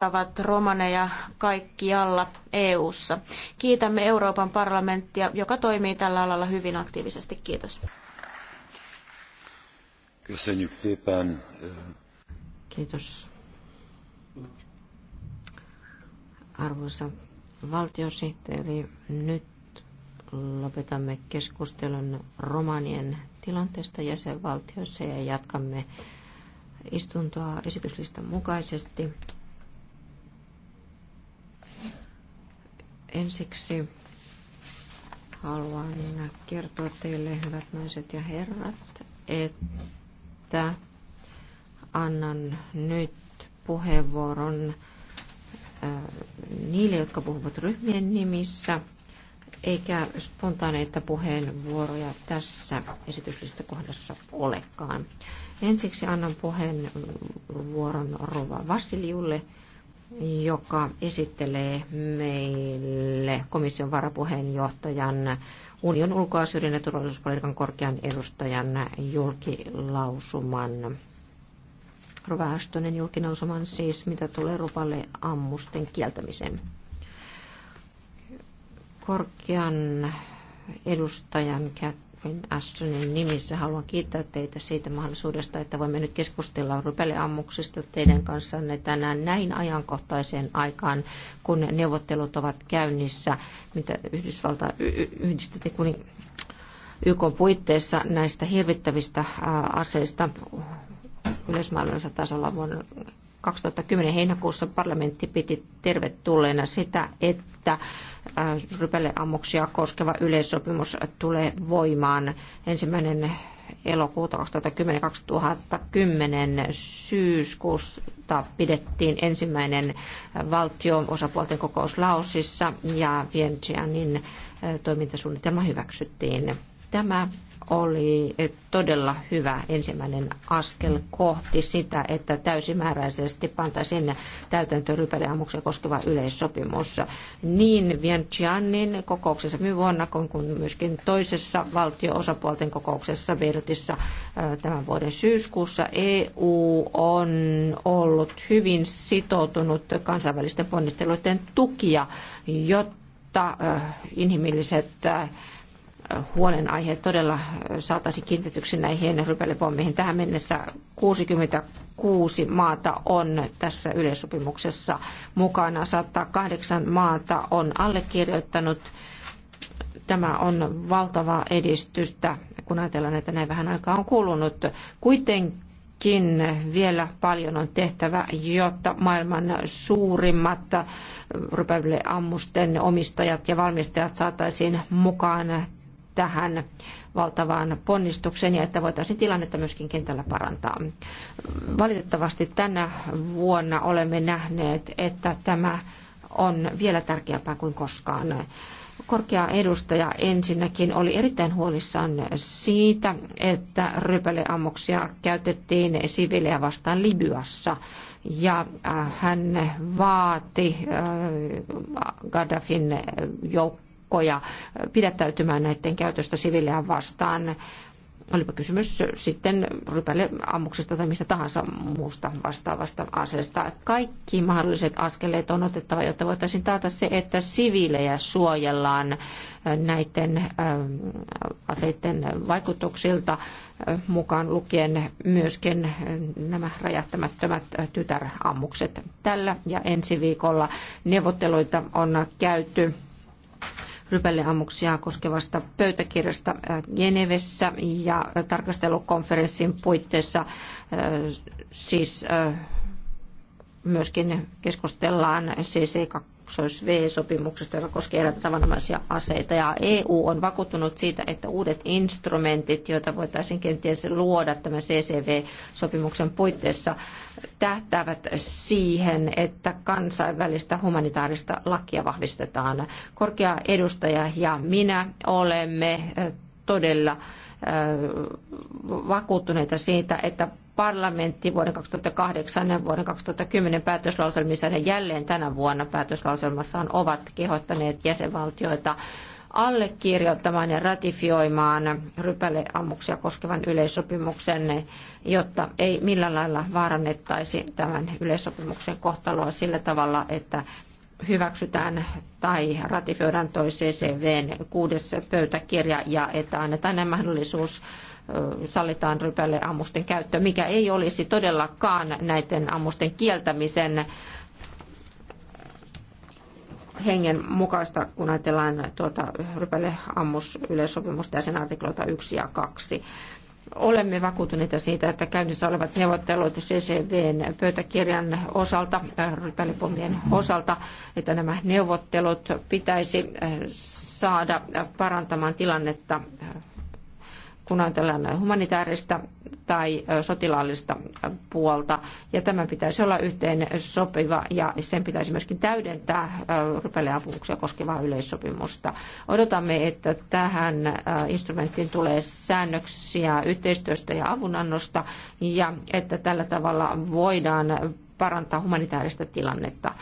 auttavat romaneja kaikkialla EU:ssa. Kiitämme Euroopan parlamenttia, joka toimii tällä alalla hyvin aktiivisesti. Kiitos. Kiitos. Arvoisa valtiosihteeri, nyt lopetamme keskustelun romanien tilanteesta jäsenvaltioissa ja jatkamme istuntoa esityslistan mukaisesti. Ensiksi haluan kertoa teille, hyvät naiset ja herrat, että annan nyt puheenvuoron niille, jotka puhuvat ryhmien nimissä, eikä spontaaneita puheenvuoroja tässä kohdassa olekaan. Ensiksi annan puheenvuoron Rova Vasiliulle, joka esittelee meille komission varapuheenjohtajan union ulkoasioiden ja turvallisuuspolitiikan korkean edustajan julkilausuman. Rova Ashtonen julkilausuman siis, mitä tulee rupalle ammusten kieltämiseen. Korkean edustajan Cat Catherine Ashtonin nimissä haluan kiittää teitä siitä mahdollisuudesta, että voimme nyt keskustella rypäleammuksista teidän kanssanne tänään näin ajankohtaiseen aikaan, kun neuvottelut ovat käynnissä, mitä Yhdysvalta yhdistettiin kuin YK puitteissa näistä hirvittävistä aseista yleismaailmallisella tasolla vuonna 2010 heinäkuussa parlamentti piti tervetulleena sitä, että äh, rypäleammuksia koskeva yleissopimus tulee voimaan ensimmäinen elokuuta 2010, 2010 syyskuusta pidettiin ensimmäinen äh, valtion osapuolten kokous Laosissa ja Vientianin äh, toimintasuunnitelma hyväksyttiin. Tämä oli todella hyvä ensimmäinen askel kohti sitä, että täysimääräisesti pantaisiin täytäntöön rypäleammuksia koskeva yleissopimus. Niin Vientianin kokouksessa viime vuonna kuin myöskin toisessa valtio-osapuolten kokouksessa Beirutissa äh, tämän vuoden syyskuussa EU on ollut hyvin sitoutunut kansainvälisten ponnisteluiden tukia, jotta äh, inhimilliset äh, huolenaihe todella saataisiin kiinnitetyksi näihin rypälepommeihin. Tähän mennessä 66 maata on tässä yleissopimuksessa mukana. 108 maata on allekirjoittanut. Tämä on valtavaa edistystä, kun ajatellaan, että näin vähän aikaa on kulunut. Kuitenkin vielä paljon on tehtävä, jotta maailman suurimmat rypäleammusten omistajat ja valmistajat saataisiin mukaan tähän valtavaan ponnistukseen ja että voitaisiin tilannetta myöskin kentällä parantaa. Valitettavasti tänä vuonna olemme nähneet, että tämä on vielä tärkeämpää kuin koskaan korkea edustaja ensinnäkin oli erittäin huolissaan siitä, että rypäleammuksia käytettiin siviilejä vastaan Libyassa. Ja äh, hän vaati äh, Gaddafin joukkoja joukkoja pidättäytymään näiden käytöstä siviilejä vastaan. Olipa kysymys sitten ammuksesta tai mistä tahansa muusta vastaavasta aseesta. Kaikki mahdolliset askeleet on otettava, jotta voitaisiin taata se, että siviilejä suojellaan näiden ähm, aseiden vaikutuksilta äh, mukaan lukien myöskin nämä räjähtämättömät tytärammukset. Tällä ja ensi viikolla neuvotteluita on käyty rypäleammuksia koskevasta pöytäkirjasta äh, Genevessä ja äh, tarkastelukonferenssin puitteissa äh, siis myöskin keskustellaan CC2 kaksois V-sopimuksesta, joka koskee eräitä tavanomaisia aseita. Ja EU on vakuuttunut siitä, että uudet instrumentit, joita voitaisiin kenties luoda tämän CCV-sopimuksen puitteissa, tähtäävät siihen, että kansainvälistä humanitaarista lakia vahvistetaan. Korkea edustaja ja minä olemme todella vakuuttuneita siitä, että parlamentti vuoden 2008 ja vuoden 2010 päätöslauselmissa ja jälleen tänä vuonna päätöslauselmassaan ovat kehottaneet jäsenvaltioita allekirjoittamaan ja ratifioimaan rypäleammuksia koskevan yleissopimuksen, jotta ei millään lailla vaarannettaisi tämän yleissopimuksen kohtaloa sillä tavalla, että hyväksytään tai ratifioidaan toi CCVn kuudes pöytäkirja ja että annetaan mahdollisuus sallitaan rypälle ammusten käyttö, mikä ei olisi todellakaan näiden ammusten kieltämisen hengen mukaista, kun ajatellaan tuota yleissopimusta ja sen artikloita 1 ja 2. Olemme vakuutuneita siitä, että käynnissä olevat neuvottelut CCVn pöytäkirjan osalta, rypälipommien äh, osalta, että nämä neuvottelut pitäisi äh, saada parantamaan tilannetta äh, kun ajatellaan humanitaarista tai sotilaallista puolta. Ja tämän pitäisi olla yhteen sopiva ja sen pitäisi myöskin täydentää rypäleampumuksia koskevaa yleissopimusta. Odotamme, että tähän instrumenttiin tulee säännöksiä yhteistyöstä ja avunannosta ja että tällä tavalla voidaan parantaa humanitaarista tilannetta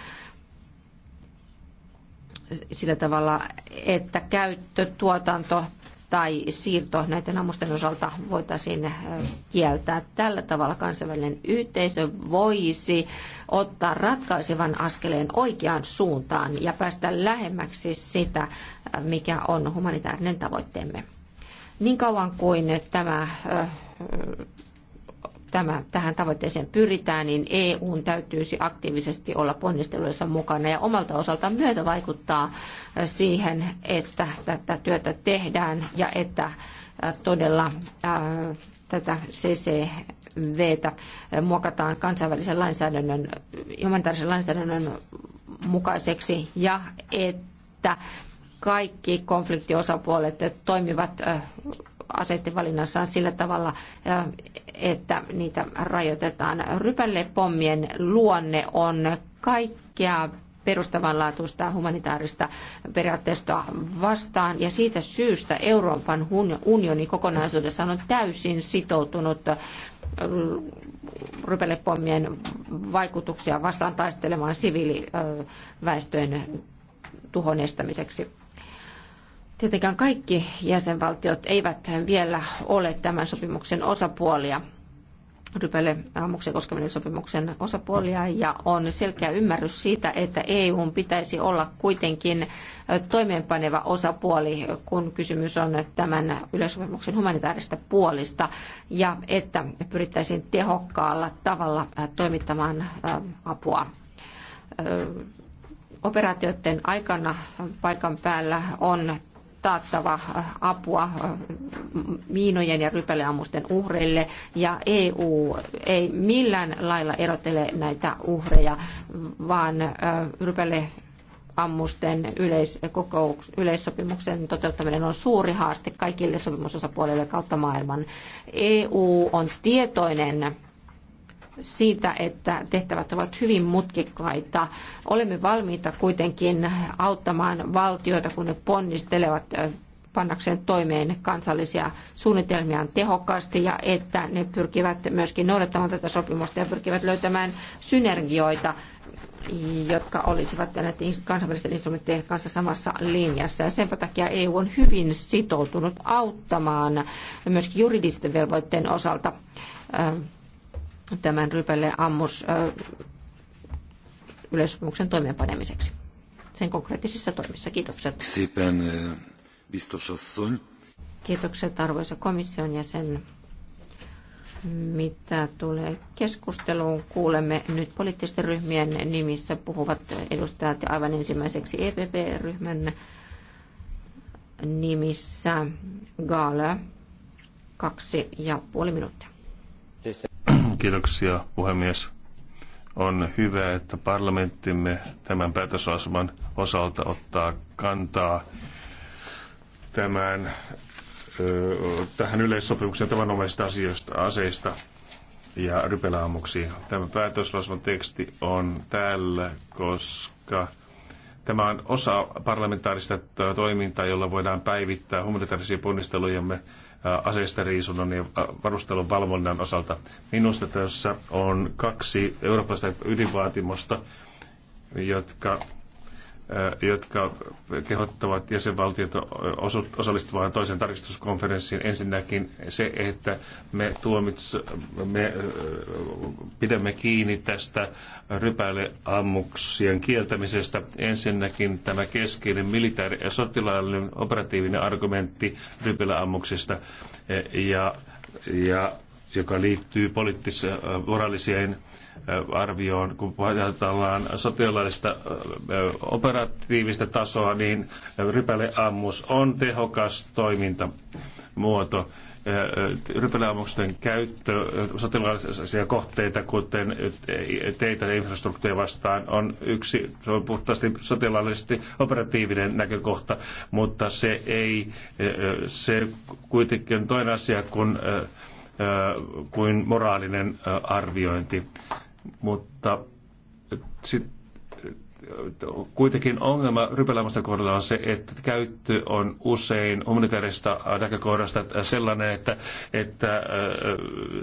sillä tavalla, että käyttö, tuotanto tai siirto näiden ammusten osalta voitaisiin äh, kieltää. Tällä tavalla kansainvälinen yhteisö voisi ottaa ratkaisevan askeleen oikeaan suuntaan ja päästä lähemmäksi sitä, äh, mikä on humanitaarinen tavoitteemme. Niin kauan kuin tämä äh, tämä, tähän tavoitteeseen pyritään, niin EUn täytyisi aktiivisesti olla ponnisteluissa mukana ja omalta osaltaan myötä vaikuttaa siihen, että tätä työtä tehdään ja että todella tätä CCVtä muokataan kansainvälisen lainsäädännön, humanitaarisen lainsäädännön mukaiseksi ja että kaikki konfliktiosapuolet toimivat aseiden valinnassaan sillä tavalla, että niitä rajoitetaan. Rypälepommien luonne on kaikkea perustavanlaatuista humanitaarista periaatteistoa vastaan. Ja siitä syystä Euroopan unioni kokonaisuudessaan on täysin sitoutunut rypälepommien vaikutuksia vastaan taistelemaan siviiliväestön tuhon estämiseksi. Tietenkään kaikki jäsenvaltiot eivät vielä ole tämän sopimuksen osapuolia, rypäle ammuksen koskeminen sopimuksen osapuolia, ja on selkeä ymmärrys siitä, että EUn pitäisi olla kuitenkin toimeenpaneva osapuoli, kun kysymys on tämän yleissopimuksen humanitaarista puolista, ja että pyrittäisiin tehokkaalla tavalla toimittamaan apua operaatioiden aikana paikan päällä on taattava apua miinojen ja rypäleammusten uhreille ja EU ei millään lailla erottele näitä uhreja, vaan rypäle ammusten yleiskokous, yleissopimuksen toteuttaminen on suuri haaste kaikille sopimusosapuolille kautta maailman. EU on tietoinen siitä, että tehtävät ovat hyvin mutkikkaita. Olemme valmiita kuitenkin auttamaan valtioita, kun ne ponnistelevat pannakseen toimeen kansallisia suunnitelmiaan tehokkaasti ja että ne pyrkivät myöskin noudattamaan tätä sopimusta ja pyrkivät löytämään synergioita jotka olisivat näiden kansainvälisten instrumenttien kanssa samassa linjassa. Ja sen takia EU on hyvin sitoutunut auttamaan myöskin juridisten velvoitteen osalta tämän rypälle ammus yleisopimuksen toimeenpanemiseksi sen konkreettisissa toimissa. Kiitokset. Szépen, biztos Kiitokset arvoisa komission jäsen. Mitä tulee keskusteluun, kuulemme nyt poliittisten ryhmien nimissä puhuvat edustajat aivan ensimmäiseksi EPP-ryhmän nimissä Gaala kaksi ja puoli minuuttia. Kiitoksia puhemies. On hyvä, että parlamenttimme tämän päätösaseman osalta ottaa kantaa tämän, tähän yleissopimukseen tavanomaisista asioista, aseista ja rypelaamuksiin. Tämä päätöslausuman teksti on täällä, koska tämä on osa parlamentaarista toimintaa, jolla voidaan päivittää humanitaarisia ponnistelujamme aseistariisunnan ja varustelun valvonnan osalta. Minusta tässä on kaksi eurooppalaista ydinvaatimusta, jotka jotka kehottavat jäsenvaltiota osallistumaan toisen tarkistuskonferenssiin. Ensinnäkin se, että me, tuomits, me pidämme kiinni tästä rypäileammuksien kieltämisestä. Ensinnäkin tämä keskeinen militaari- ja sotilaallinen operatiivinen argumentti rypäileammuksista ja, ja joka liittyy poliittiseen äh, moraaliseen äh, arvioon, kun ajatellaan sotilaallista äh, operatiivista tasoa, niin rypäleammus on tehokas toimintamuoto. Rypäleammusten käyttö sotilaallisia kohteita, kuten teitä ja infrastruktuuria vastaan, on yksi, se on puhtaasti sotilaallisesti operatiivinen näkökohta, mutta se ei, se kuitenkin on toinen asia, kun kuin moraalinen arviointi. Mutta sit, kuitenkin ongelma rypälämasten kohdalla on se, että käyttö on usein humanitaarista näkökohdasta sellainen, että, että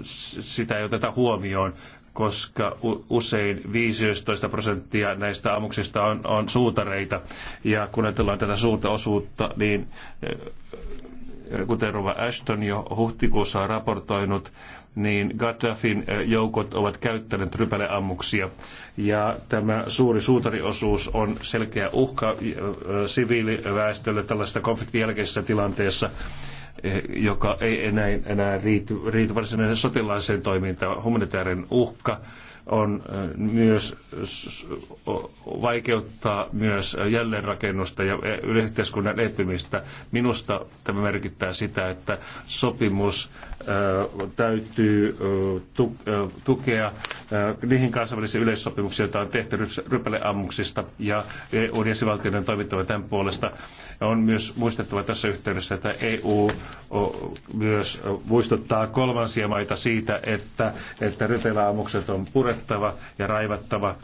sitä ei oteta huomioon koska usein 15 prosenttia näistä ammuksista on, on suutareita. Ja kun ajatellaan tätä suurta osuutta, niin kuten Rova Ashton jo huhtikuussa on raportoinut, niin Gaddafin eh, joukot ovat käyttäneet rypäleammuksia. Ja tämä suuri suutariosuus on selkeä uhka eh, siviiliväestölle tällaisessa konfliktin jälkeisessä tilanteessa, eh, joka ei enää, enää riity, riity varsinaiseen sotilaalliseen toimintaan. Humanitaarinen uhka on myös vaikeuttaa myös jälleenrakennusta ja e-, yhteiskunnan elpymistä. Minusta tämä merkittää sitä, että sopimus täytyy tukea niihin kansainvälisiin yleissopimuksiin, joita on tehty rypäleammuksista ja EUn jäsenvaltioiden toimittava tämän puolesta. On myös muistettava tässä yhteydessä, että EU myös muistuttaa kolmansia maita siitä, että, että rypäleammukset on purettava ja raivattava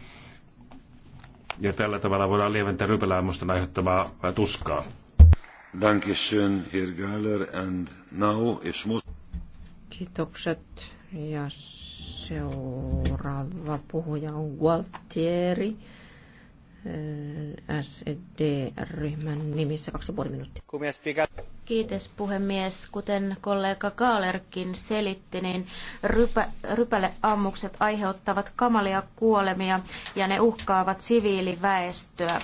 ja tällä tavalla voidaan lieventää rypäleammusten aiheuttamaa tuskaa. Herr Geiler, and now is Kiitokset. Ja seuraava puhuja on Gualtieri. Eh, sed ryhmän nimissä kaksi puoli minuuttia. Kiitos puhemies. Kuten kollega Kaalerkin selitti, niin rypä, rypäleammukset aiheuttavat kamalia kuolemia ja ne uhkaavat siviiliväestöä.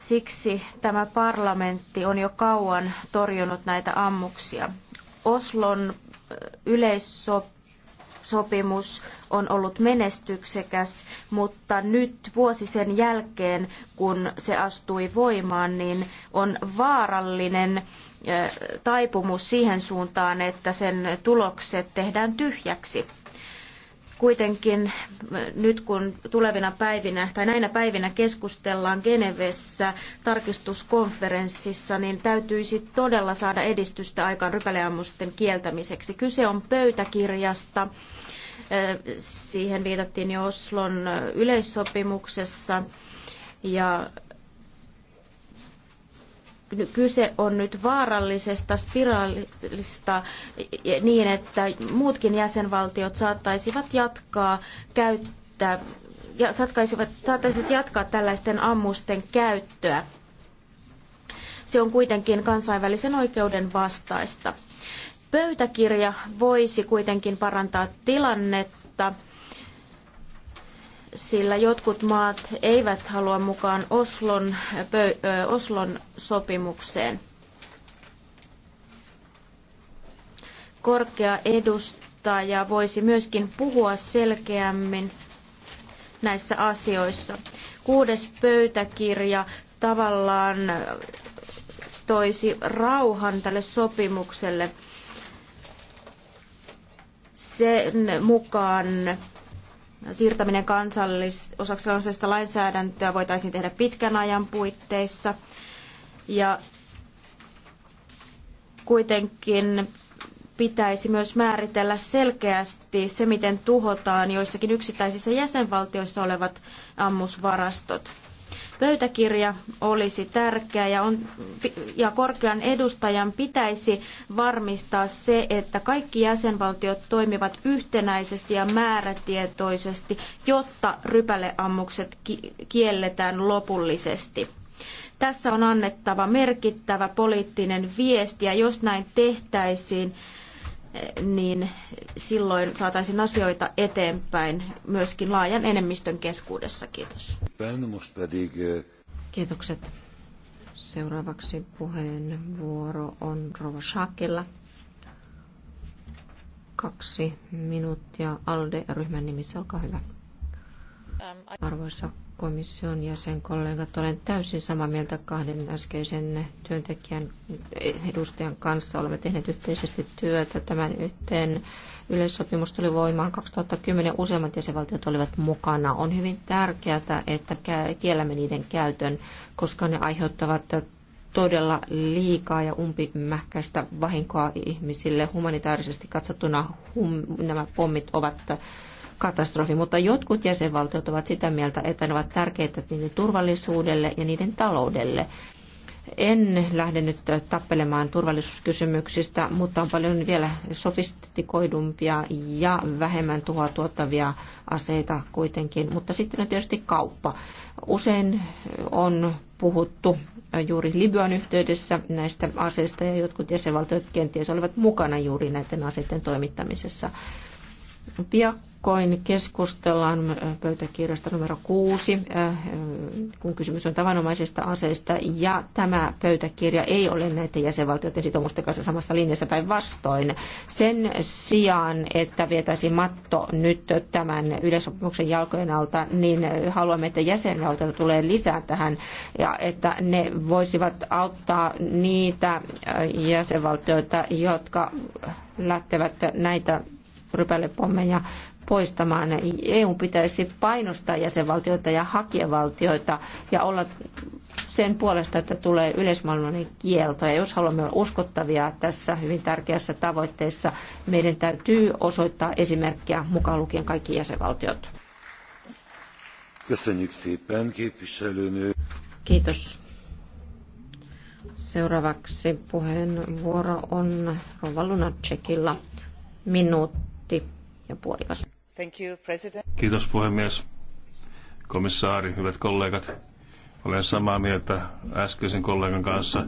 Siksi tämä parlamentti on jo kauan torjunut näitä ammuksia. Oslon yleissopimus on ollut menestyksekäs, mutta nyt vuosi sen jälkeen, kun se astui voimaan, niin on vaarallinen taipumus siihen suuntaan, että sen tulokset tehdään tyhjäksi. Kuitenkin äh, nyt kun tulevina päivinä tai näinä päivinä keskustellaan Genevessä tarkistuskonferenssissa, niin täytyisi todella saada edistystä aikaan rypäleammusten kieltämiseksi. Kyse on pöytäkirjasta. Äh, siihen viitattiin jo Oslon yleissopimuksessa ja kyse on nyt vaarallisesta spiraalista e, e, niin, että muutkin jäsenvaltiot saattaisivat jatkaa käyttää ja saattaisivat jatkaa tällaisten ammusten käyttöä. Se on kuitenkin kansainvälisen oikeuden vastaista. Pöytäkirja voisi kuitenkin parantaa tilannetta sillä jotkut maat eivät halua mukaan Oslon, pö, Oslon sopimukseen. Korkea edustaja voisi myöskin puhua selkeämmin näissä asioissa. Kuudes pöytäkirja tavallaan toisi rauhan tälle sopimukselle sen mukaan siirtäminen kansallis, osaksi kansallisesta lainsäädäntöä voitaisiin tehdä pitkän ajan puitteissa. Ja kuitenkin pitäisi myös määritellä selkeästi se, miten tuhotaan joissakin yksittäisissä jäsenvaltioissa olevat ammusvarastot. Pöytäkirja olisi tärkeä ja, on, ja korkean edustajan pitäisi varmistaa se, että kaikki jäsenvaltiot toimivat yhtenäisesti ja määrätietoisesti, jotta rypäleammukset kielletään lopullisesti. Tässä on annettava merkittävä poliittinen viesti ja jos näin tehtäisiin, niin silloin saataisiin asioita eteenpäin myöskin laajan enemmistön keskuudessa. Kiitos. Kiitokset. Seuraavaksi puheenvuoro on Rova Shakilla. Kaksi minuuttia ALDE-ryhmän nimissä, olkaa hyvä. Um, Arvoisa komission jäsenkollegat, olen täysin samaa mieltä kahden äskeisen työntekijän edustajan kanssa. Olemme tehneet yhteisesti työtä. Tämän yhteen yleissopimus tuli voimaan 2010. Useimmat jäsenvaltiot olivat mukana. On hyvin tärkeää, että kiellämme niiden käytön, koska ne aiheuttavat todella liikaa ja umpimähkäistä vahinkoa ihmisille. Humanitaarisesti katsottuna hum, nämä pommit ovat katastrofi, mutta jotkut jäsenvaltiot ovat sitä mieltä, että ne ovat tärkeitä niiden turvallisuudelle ja niiden taloudelle. En lähde nyt tappelemaan turvallisuuskysymyksistä, mutta on paljon vielä sofistikoidumpia ja vähemmän tuhoa tuottavia aseita kuitenkin. Mutta sitten on tietysti kauppa. Usein on puhuttu juuri Libyan yhteydessä näistä aseista ja jotkut jäsenvaltiot kenties olivat mukana juuri näiden aseiden toimittamisessa. Piakkoin keskustellaan pöytäkirjasta numero kuusi, kun kysymys on tavanomaisista aseista, ja tämä pöytäkirja ei ole näiden jäsenvaltioiden sitoumusten kanssa samassa linjassa päinvastoin. Sen sijaan, että vietäisi matto nyt tämän yleisopimuksen jalkojen alta, niin haluamme, että jäsenvaltioita tulee lisää tähän, ja että ne voisivat auttaa niitä jäsenvaltioita, jotka lähtevät näitä rypälepommeja poistamaan. EU pitäisi painostaa jäsenvaltioita ja hakijavaltioita ja olla sen puolesta, että tulee yleismaailmallinen kielto. Ja jos haluamme olla uskottavia tässä hyvin tärkeässä tavoitteessa, meidän täytyy osoittaa esimerkkiä mukaan lukien kaikki jäsenvaltiot. Kiitos. Seuraavaksi puheenvuoro on Rovalunatsekilla Minuutti minuutti ja puolikas. Thank you, president. Kiitos puhemies. Komissaari, hyvät kollegat. Olen samaa mieltä äskeisen kollegan kanssa.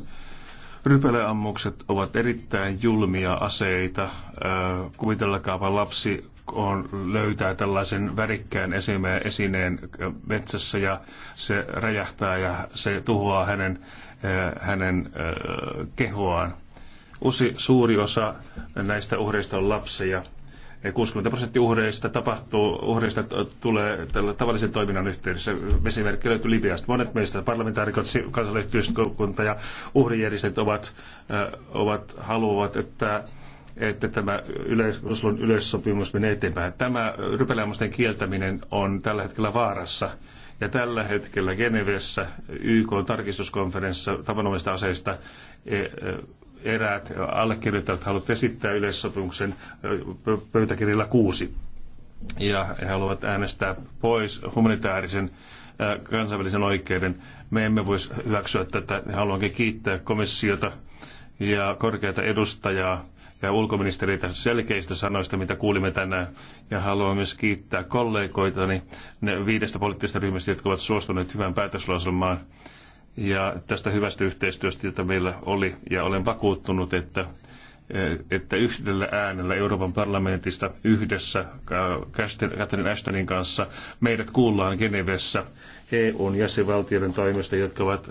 Rypäleammukset ovat erittäin julmia aseita. Kuvitellakaapa lapsi on, löytää tällaisen värikkään esineen, esineen metsässä ja se räjähtää ja se tuhoaa hänen, hänen kehoaan. Usi, suuri osa näistä uhreista on lapsia. 60 prosenttia uhreista tapahtuu, uhreista tulee tällä tavallisen toiminnan yhteydessä. Esimerkki löytyy Libiasta. Monet meistä parlamentaarikot, kansalaisyhteiskunta ja uhrijärjestöt ovat, äh, ovat, haluavat, että että tämä yleis, Oslon yleissopimus menee eteenpäin. Tämä rypeläämusten kieltäminen on tällä hetkellä vaarassa. Ja tällä hetkellä Genevessä YK tarkistuskonferenssissa tavanomaisista aseista e, e, eräät allekirjoittajat haluavat esittää yleissopimuksen pöytäkirjalla kuusi. Ja he haluavat äänestää pois humanitaarisen kansainvälisen oikeuden. Me emme voisi hyväksyä tätä. Haluankin kiittää komissiota ja korkeata edustajaa ja ulkoministeriä selkeistä sanoista, mitä kuulimme tänään. Ja haluan myös kiittää kollegoitani ne viidestä poliittisesta ryhmästä, jotka ovat suostuneet hyvään päätöslauselmaan ja tästä hyvästä yhteistyöstä, jota meillä oli. Ja olen vakuuttunut, että, e, että yhdellä äänellä Euroopan parlamentista yhdessä Catherine Ashtonin kanssa meidät kuullaan Genevessä EUn jäsenvaltioiden toimesta, jotka ovat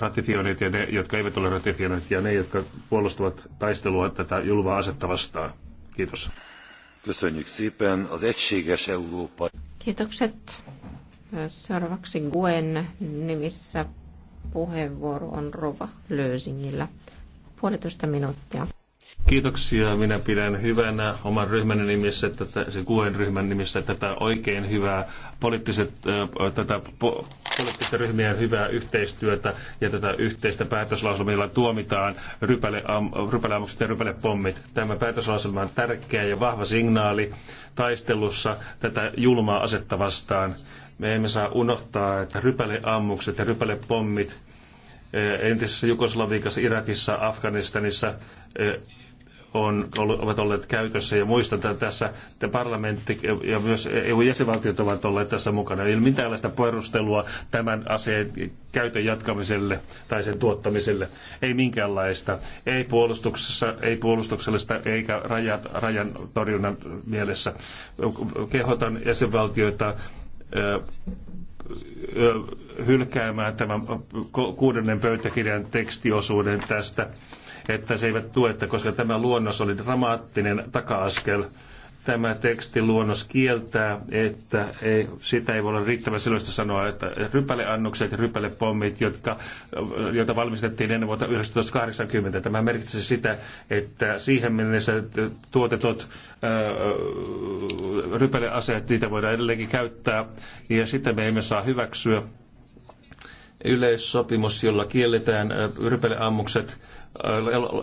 ratifioineet ja ne, jotka eivät ole ratifioineet ja ne, jotka puolustavat taistelua tätä julvaa asetta vastaan. Kiitos. Kiitokset. Seuraavaksi Guen nimissä puheenvuoro on Rova Löysingillä. Puolitoista minuuttia. Kiitoksia. Minä pidän hyvänä oman ryhmän nimissä, tätä, se kuuden ryhmän nimissä tätä oikein hyvää poliittiset, tätä po, poliittisten ryhmien hyvää yhteistyötä ja tätä yhteistä päätöslauselmilla tuomitaan rypäleammukset ja rypälepommit. Tämä päätöslauselma on tärkeä ja vahva signaali taistelussa tätä julmaa asetta vastaan. Me emme saa unohtaa, että rypäleammukset ja rypälepommit entisessä Jugoslaviikassa, Irakissa, Afganistanissa on, ovat olleet käytössä ja muistan, että tässä että parlamentti ja myös EU-jäsenvaltiot ovat olleet tässä mukana. Ei ole minkäänlaista perustelua tämän aseen käytön jatkamiselle tai sen tuottamiselle. Ei minkäänlaista. Ei puolustuksessa, ei puolustuksellista eikä rajat, rajan torjunnan mielessä. Kehotan jäsenvaltioita hylkäämään tämän kuudennen pöytäkirjan tekstiosuuden tästä että se eivät tuetta, koska tämä luonnos oli dramaattinen taka-askel. Tämä tekstiluonnos kieltää, että ei, sitä ei voi olla riittävän selvästi sanoa, että rypäleannokset ja rypälepommit, jotka, joita valmistettiin ennen vuotta 1980, tämä merkitsee sitä, että siihen mennessä tuotetut ää, rypäleaseet, niitä voidaan edelleenkin käyttää, ja sitä me emme saa hyväksyä yleissopimus, jolla kielletään rypäleammukset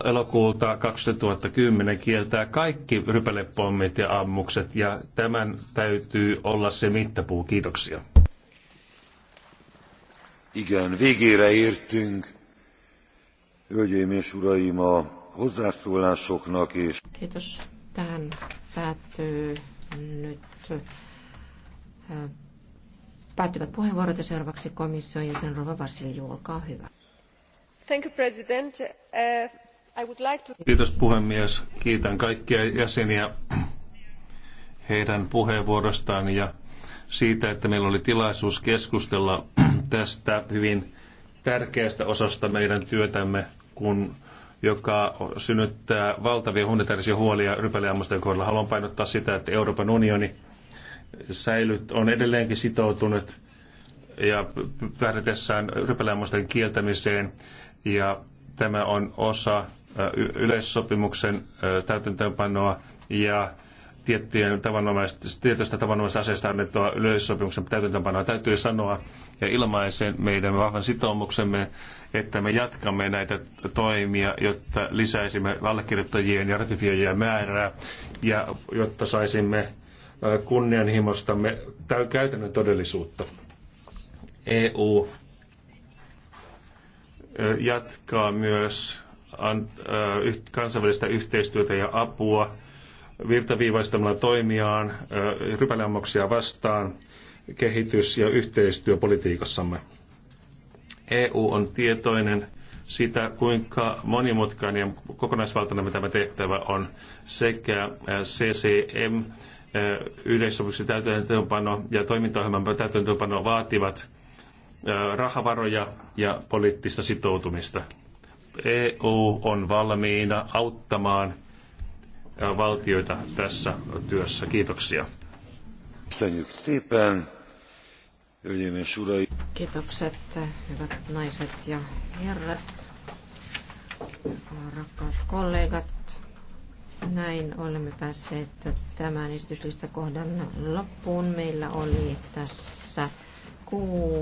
elokuulta 2010 kieltää kaikki rypälepommit ja ammukset ja tämän täytyy olla se mittapuu. Kiitoksia. Igen, végére értünk. Hölgyeim és uraim, a hozzászólásoknak és... Kiitos. Tähän päättyy nyt päättyvät puheenvuorot ja seuraavaksi komission jäsen Rova Vassili, olkaa hyvä arvoisa puhemies. Kiitän kaikkia jäseniä heidän puheenvuorostaan ja siitä, että meillä oli tilaisuus keskustella tästä hyvin tärkeästä osasta meidän työtämme, kun, joka synnyttää valtavia humanitaarisia huolia rypäleammusten kohdalla. Haluan painottaa sitä, että Euroopan unioni säilyt on edelleenkin sitoutunut ja lähdetessään rypäleammusten kieltämiseen ja tämä on osa yleissopimuksen täytäntöönpanoa ja tiettyjen tavanomaisista, tietystä tavanomaisista aseista annettua yleissopimuksen täytäntöönpanoa täytyy sanoa ja ilmaisen meidän vahvan sitoumuksemme, että me jatkamme näitä toimia, jotta lisäisimme allekirjoittajien ja ratifioijien määrää ja jotta saisimme kunnianhimostamme käytännön todellisuutta. EU jatkaa myös kansainvälistä yhteistyötä ja apua virtaviivaistamalla toimiaan rypäleammoksia vastaan kehitys- ja yhteistyöpolitiikassamme. EU on tietoinen sitä, kuinka monimutkainen ja kokonaisvaltainen tämä tehtävä on sekä CCM yleissopimuksen täytäntöönpano ja toimintaohjelman täytäntöönpano vaativat rahavaroja ja poliittista sitoutumista. EU on valmiina auttamaan valtioita tässä työssä. Kiitoksia. Kiitokset, hyvät naiset ja herrat, rakkaat kollegat. Näin olemme päässeet tämän esityslistakohdan loppuun. Meillä oli tässä kuusi.